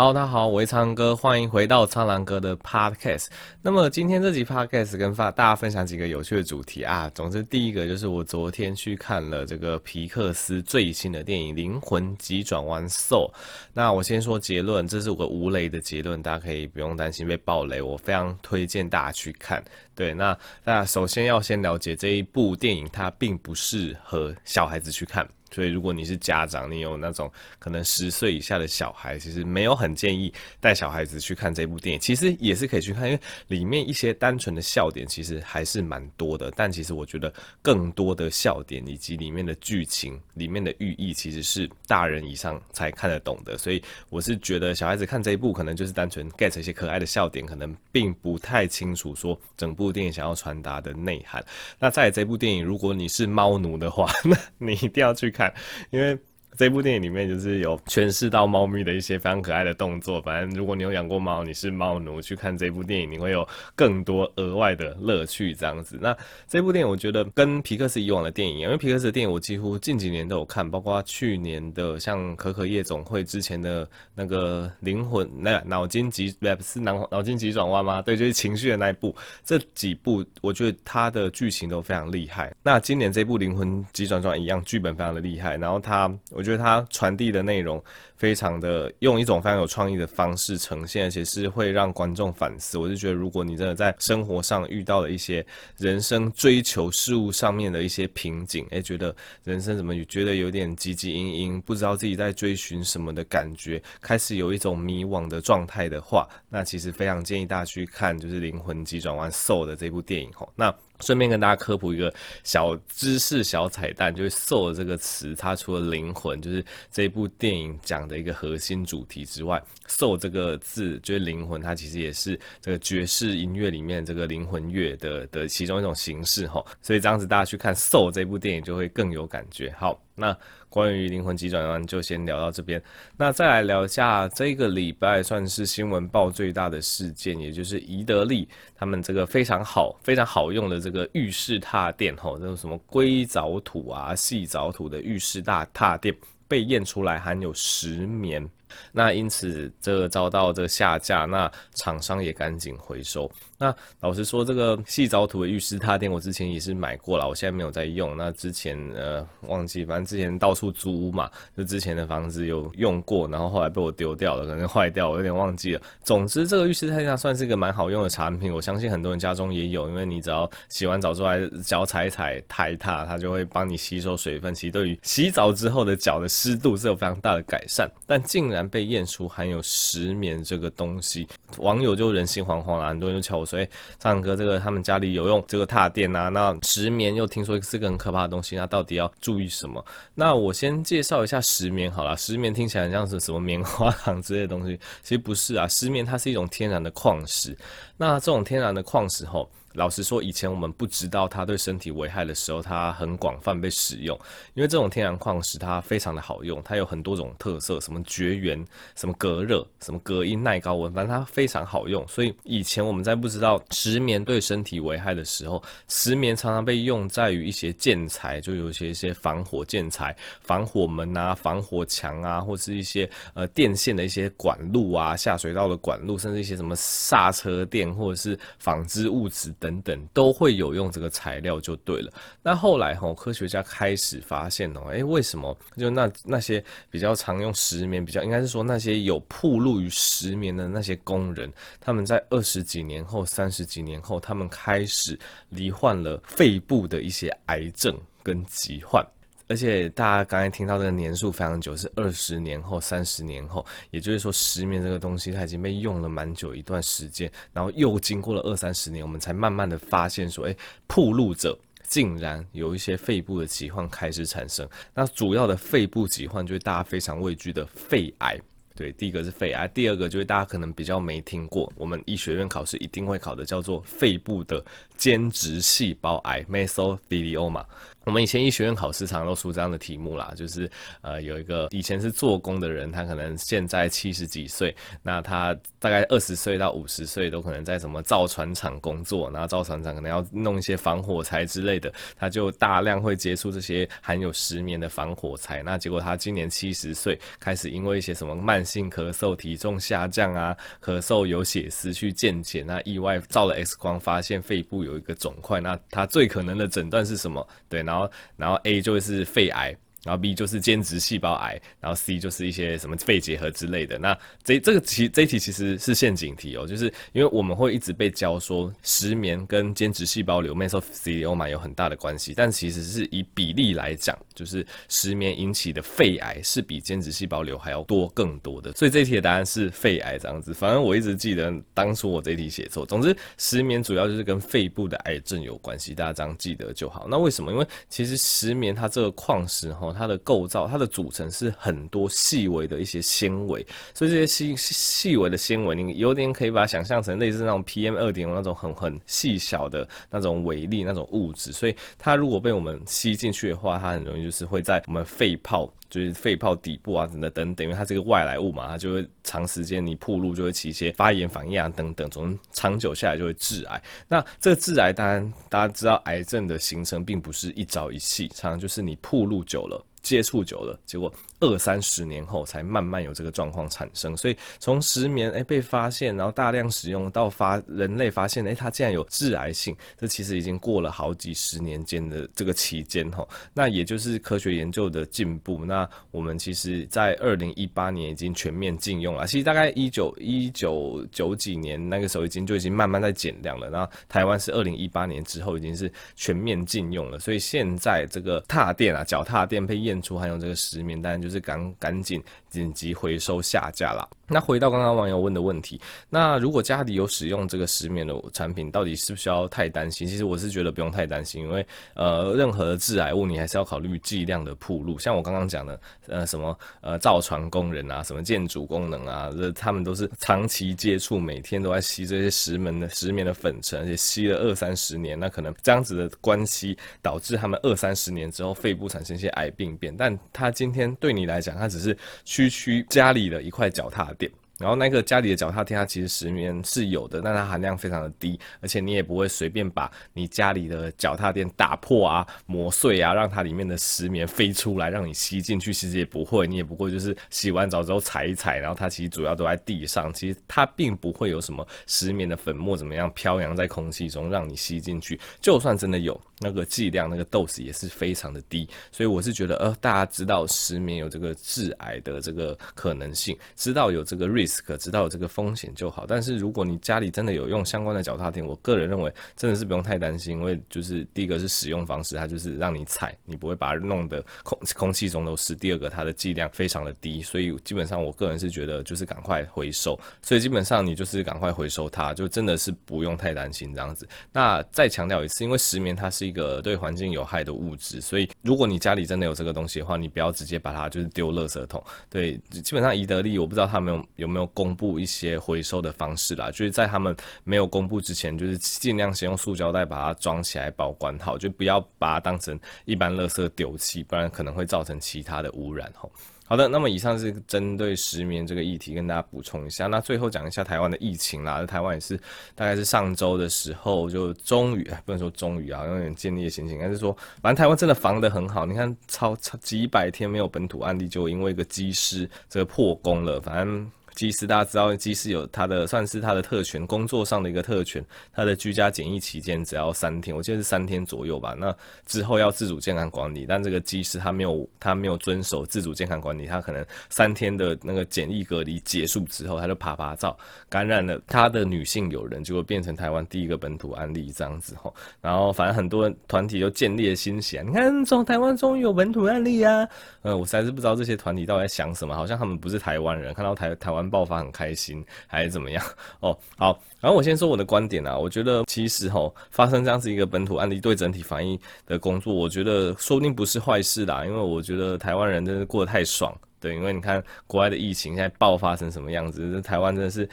好，大家好，我是蒼藍鴿，歡迎回到蒼藍鴿的 podcast。那麼今天這集 podcast 跟大家分享幾個有趣的主題啊。總之，第一個就是我昨天去看了這個皮克斯最新的電影《靈魂急轉彎 Soul》。那我先說結論，這是我個無雷的結論，大家可以不用擔心被爆雷。我非常推薦大家去看。對，那那首先要先了解這一部電影，它並不適合小孩子去看。所以，如果你是家長，你有那種可能十歲以下的小孩，其實沒有很建議帶小孩子去看這部電影。其實也是可以去看，因為裡面一些單純的笑點其實還是蠻多的。但其實我覺得更多的笑點以及裡面的劇情、裡面的寓意，其實是大人以上才看得懂的。所以我是覺得小孩子看這一部，可能就是單純 get 一些可愛的笑點，可能並不太清楚說整部電影想要傳達的內涵。那在這部電影，如果你是貓奴的話，那你一定要去看。看，因為這部電影裡面就是有詮釋到貓咪的一些非常可愛的動作。反正如果你有養過貓，你是貓奴，去看這部電影你會有更多額外的樂趣。這樣子，那這部電影我覺得跟皮克斯以往的電影，因為皮克斯的電影我幾乎近幾年都有看，包括去年的像《可可夜總會》之前的那個《靈魂》那個腦筋急，不是腦筋急轉彎嗎？對，就是情緒的那一部。這幾部我覺得他的劇情都非常厲害。那今年這部《靈魂急轉彎》一樣，劇本非常的厲害。然後他，我。我覺得它傳遞的內容非常的，用一種非常有創意的方式呈現，而且是會讓觀眾反思。我就覺得，如果你真的在生活上遇到了一些人生追求事物上面的一些瓶頸，誒、欸，覺得人生怎麼覺得有點汲汲營營，不知道自己在追尋什麼的感覺，開始有一種迷惘的狀態的話，那其實非常建議大家去看就是《靈魂急轉彎》（Soul） 的這部電影吼。那順便跟大家科普一個小知識、小彩蛋，就是 “soul” 這個詞，它除了靈魂，就是這一部電影講的一個核心主題之外，“soul” 這個字就是靈魂，它其實也是這個爵士音樂裡面這個靈魂樂的的其中一種形式吼，所以這樣子大家去看《soul》這部電影，就會更有感覺。好，那。關於靈魂急轉彎，就先聊到這邊。那再來聊一下這個禮拜算是新聞報最大的事件，也就是宜得利他們這個非常好、非常好用的這個浴室踏墊，吼，這種什麼硅藻土啊、細藻土的浴室大踏墊，被驗出來含有石棉，那因此這遭到這下架，那廠商也趕緊回收。那老實說，這個矽藻土的浴室踏墊，我之前也是買過了，我現在沒有在用。那之前呃忘記，反正之前到處租屋嘛，就之前的房子有用過，然後後來被我丟掉了，可能壞掉了，我有點忘記了。總之，這個浴室踏墊算是一個蠻好用的產品，我相信很多人家中也有，因為你只要洗完澡出來踩踩，腳踩一踩踏一踏，它就會幫你吸收水分。其實對於洗澡之後的腳的濕度是有非常大的改善。但竟然被驗出含有石棉這個東西，網友就人心惶惶了，很多人就敲我。所以唱歌，這個他們家裡有用這個踏墊啊，那石棉又聽說是個很可怕的東西，那到底要注意什麼？那我先介紹一下石棉好了，石棉聽起來像是什麼棉花糖之類的東西，其實不是啊，石棉它是一種天然的礦石，那這種天然的礦石吼。老實說，以前我們不知道它對身體危害的時候，它很廣泛被使用。因為這種天然礦石它非常的好用，它有很多種特色，什麼絕緣、什麼隔熱、什麼隔音、耐高溫，反正它非常好用。所以以前我們在不知道石棉對身體危害的時候，石棉常常被用在於一些建材，就有一些一些防火建材、防火門啊、防火牆啊，或是一些呃電線的一些管路啊、下水道的管路，甚至一些什麼剎車墊或者是紡織物質等等。等等都會有用這個材料就對了。那後來哈、哦，科學家開始發現哦，誒，為什麼就那那些比較常用石棉，比較應該是說那些有暴露於石棉的那些工人，他們在二十幾年後、三十幾年後，他們開始罹患了肺部的一些癌症跟疾患。而且大家剛才聽到這個年數非常久，是二十年後、三十年後，也就是說，石綿這個東西它已經被用了蠻久一段時間，然後又經過了二三十年，我們才慢慢的發現說，誒，暴露者竟然有一些肺部的疾患開始產生。那主要的肺部疾患就是大家非常畏懼的肺癌。對，第一個是肺癌，第二個就是大家可能比較沒聽過，我們醫學院考試一定會考的，叫做肺部的間質細胞癌 （mesothelioma）。我們以前醫學院考試常常都出這樣的題目啦，就是呃有一個以前是做工的人，他可能現在七十幾歲，那他大概二十歲到五十歲都可能在什麼造船廠工作，然後造船廠可能要弄一些防火材之類的，他就大量會接觸這些含有石棉的防火材，那結果他今年七十歲開始因為一些什麼慢性咳嗽、體重下降啊、咳嗽有血絲去健檢，那意外照了 X 光發現肺部有一個腫塊，那他最可能的診斷是什麼？對，然後。然後，然後 A 就是肺癌。然後 B 就是間質細胞癌，然後 C 就是一些什麼肺結核之類的。那這這個其這一題其實是陷阱題哦、喔，就是因為我們會一直被教說石棉跟間質細胞瘤 mesothelioma 有很大的關係，但其實是以比例來講，就是石棉引起的肺癌是比間質細胞瘤還要多更多的。所以這一題的答案是肺癌這樣子。反正我一直記得當初我這一題寫錯。總之，石棉主要就是跟肺部的癌症有關係，大家這樣記得就好。那為什麼？因為其實石棉它這個礦石哈。它的構造，它的組成是很多細微的一些纖維，所以這些細細微的纖維，你有點可以把它想象成類似那種 PM 二點五那種很很細小的那種微粒那種物質，所以它如果被我們吸進去的話，它很容易就是會在我們肺泡。就是肺泡底部啊，等等等，因為它這個外來物嘛，它就會長時間你曝露，就會起一些發炎反應啊，等等，從長久下來就會致癌。那這個致癌，當然大家知道，癌症的形成並不是一朝一夕，常常就是你曝露久了。接觸久了，結果二三十年後才慢慢有這個狀況產生，所以從石棉哎被發現，然後大量使用到發人類發現哎、欸、它竟然有致癌性，這其實已經過了好幾十年間的這個期間吼，那也就是科學研究的進步。那我們其實在二零一八年已經全面禁用了，其實大概一九一九九幾年那個時候已經就已經慢慢在減量了，那台灣是二零一八年之後已經是全面禁用了，所以現在這個踏墊啊腳踏墊配。現出還有這個實名，當然就是趕趕緊緊急回收下架了。那回到剛剛網友問的問題，那如果家裡有使用這個石棉的產品，到底是不是需要太擔心？其實我是覺得不用太擔心，因為呃，任何的致癌物你還是要考慮劑量的暴露。像我剛剛講的，呃，什麼呃造船工人啊，什麼建築工人啊，就是、他們都是長期接觸，每天都在吸這些石棉的石棉的粉塵，而且吸了二三十年，那可能這樣子的關係導致他們二三十年之後肺部產生一些癌病變。但他今天對你來講，他只是區區家裡的一塊腳踏的。然後那個家裡的腳踏墊，它其實石棉是有的，但它含量非常的低，而且你也不會隨便把你家裡的腳踏墊打破啊、磨碎啊，讓它裡面的石棉飛出來讓你吸進去，其實也不會，你也不過就是洗完澡之後踩一踩，然後它其實主要都在地上，其實它並不會有什麼石棉的粉末怎麼樣飄揚在空氣中讓你吸進去，就算真的有。那個劑量那個 dose 也是非常的低，所以我是覺得，呃，大家知道石棉有這個致癌的這個可能性，知道有這個 risk，知道有這個風險就好。但是如果你家裡真的有用相關的腳踏墊，我個人認為真的是不用太擔心，因為就是第一個是使用方式，它就是讓你踩，你不會把它弄得空空氣中都是；第二個它的劑量非常的低，所以基本上我個人是覺得就是趕快回收。所以基本上你就是趕快回收它，就真的是不用太擔心這樣子。那再強調一次，因為石棉它是。一個對環境有害的物質，所以如果你家裡真的有這個東西的話，你不要直接把它就是丟垃圾桶。對，基本上宜得利我不知道他們有沒有公布一些回收的方式啦，就是在他們沒有公布之前，就是盡量先用塑膠袋把它裝起來保管好，就不要把它當成一般垃圾丟棄，不然可能會造成其他的污染哦。好的，那麼以上是針對失眠這個議題跟大家補充一下。那最後講一下台灣的疫情啦，在台灣也是，大概是上周的時候就終於，不能說終於啊，有點建立的心情，但是說，反正台灣真的防得很好。你看，超超幾百天沒有本土案例，就因為一個機師這個破功了，反正。機師大家知道，機師有他的算是他的特權，工作上的一個特權。他的居家檢疫期間只要三天，我記得是三天左右吧。那之後要自主健康管理，但這個機師他沒有他沒有遵守自主健康管理，他可能三天的那個檢疫隔離結束之後，他就趴趴走，感染了他的女性友人，就會變成台灣第一個本土案例這樣子吼。然後反正很多團體又見獵心喜、啊、你看從台灣終於有本土案例啊。呃，我實在是不知道這些團體到底在想什麼，好像他們不是台灣人，看到台台灣。爆發很開心還是怎麼樣哦？好，然後我先說我的觀點啊，我覺得其實吼、喔、發生這樣子一個本土案例，對整體防疫的工作，我覺得說不定不是壞事啦，因為我覺得台灣人真的過得太爽。對，因為你看國外的疫情現在爆發成什麼樣子，台灣真的是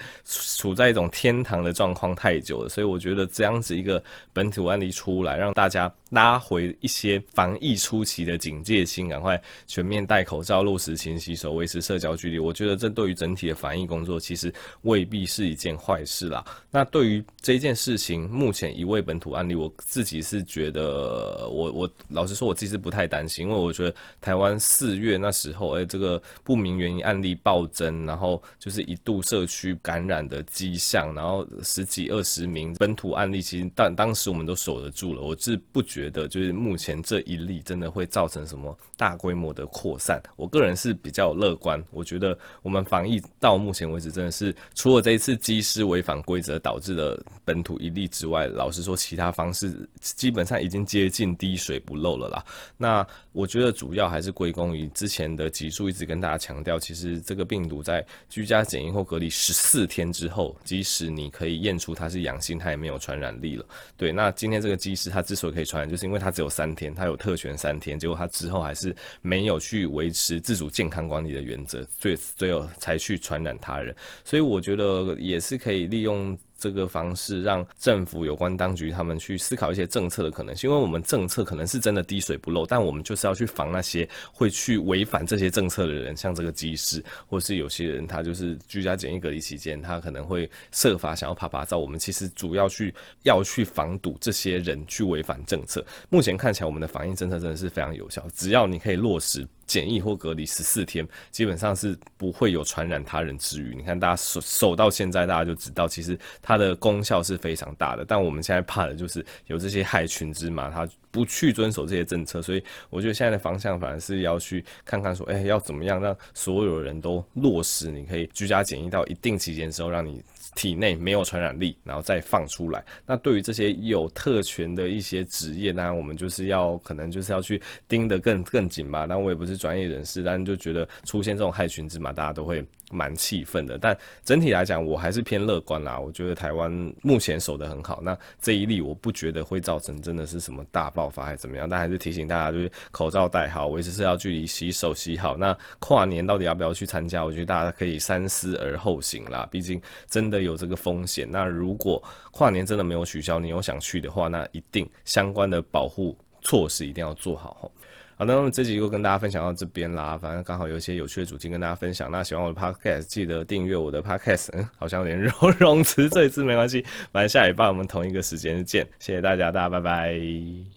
處在一種天堂的狀況太久了，所以我覺得這樣子一個本土案例出來，讓大家拉回一些防疫初期的警戒心，趕快全面戴口罩、落實勤洗手、維持社交距離，我覺得這對於整體的防疫工作其實未必是一件壞事啦。那對於這件事情，目前一位本土案例，我自己是覺得我，我我老實說我自己是不太擔心，因為我覺得台灣四月那時候，哎、欸，這個。不明原因案例暴增，然後就是一度社區感染的跡象，然後十幾二十名本土案例，其實但當時我們都守得住了。我是不覺得，就是目前這一例真的會造成什麼大規模的擴散。我個人是比較樂觀，我覺得我們防疫到目前為止，真的是除了這一次機師違反規則導致的本土一例之外，老實說，其他方式基本上已經接近滴水不漏了啦。那我覺得主要還是歸功於之前的基數一直。跟大家強調，其實這個病毒在居家檢疫或隔離十四天之後，即使你可以驗出它是陽性，它也沒有傳染力了。對，那今天這個機師他之所以可以傳染，就是因為他只有三天，他有特權三天，結果他之後還是沒有去維持自主健康管理的原則，所以最後才去傳染他人。所以我覺得也是可以利用，這個方式讓政府有關當局他們去思考一些政策的可能性，因為我們政策可能是真的滴水不漏，但我們就是要去防那些會去違反這些政策的人，像這個機師，或者是有些人他就是居家檢疫隔離期間，他可能會設法想要趴趴走。我們其實主要去要去防堵這些人去違反政策。目前看起來，我們的防疫政策真的是非常有效，只要你可以落實檢疫或隔離十四天，基本上是不會有傳染他人之虞。你看大家守守到現在，大家就知道其實。它的功效是非常大的，但我們現在怕的就是有這些害群之馬，他不去遵守這些政策，所以我覺得現在的方向反而是要去看看說，誒，欸，要怎麼樣讓所有人都落實，你可以居家檢疫到一定期間之後，讓你體內沒有傳染力，然後再放出來。那對於這些有特權的一些職業呢，我們就是要可能就是要去盯得更更緊吧。那我也不是專業人士，但就覺得出現這種害群之馬，大家都會。蠻氣憤的，但整體來講，我還是偏樂觀啦。我覺得台灣目前守得很好，那這一例我不覺得會造成真的是什麼大爆發還是怎麼樣，但還是提醒大家就是口罩戴好，維持社交距離，洗手洗好。那跨年到底要不要去參加？我覺得大家可以三思而後行啦，畢竟真的有這個風險。那如果跨年真的沒有取消，你又想去的話，那一定相關的保護措施一定要做好。好的，那我們這集就跟大家分享到這邊啦。反正剛好有一些有趣的主題跟大家分享。那喜歡我的 podcast，記得訂閱我的 podcast。嗯，好像有點融融池，這一次沒關係。反正下禮拜我們同一個時間見，謝謝大家，大家拜拜。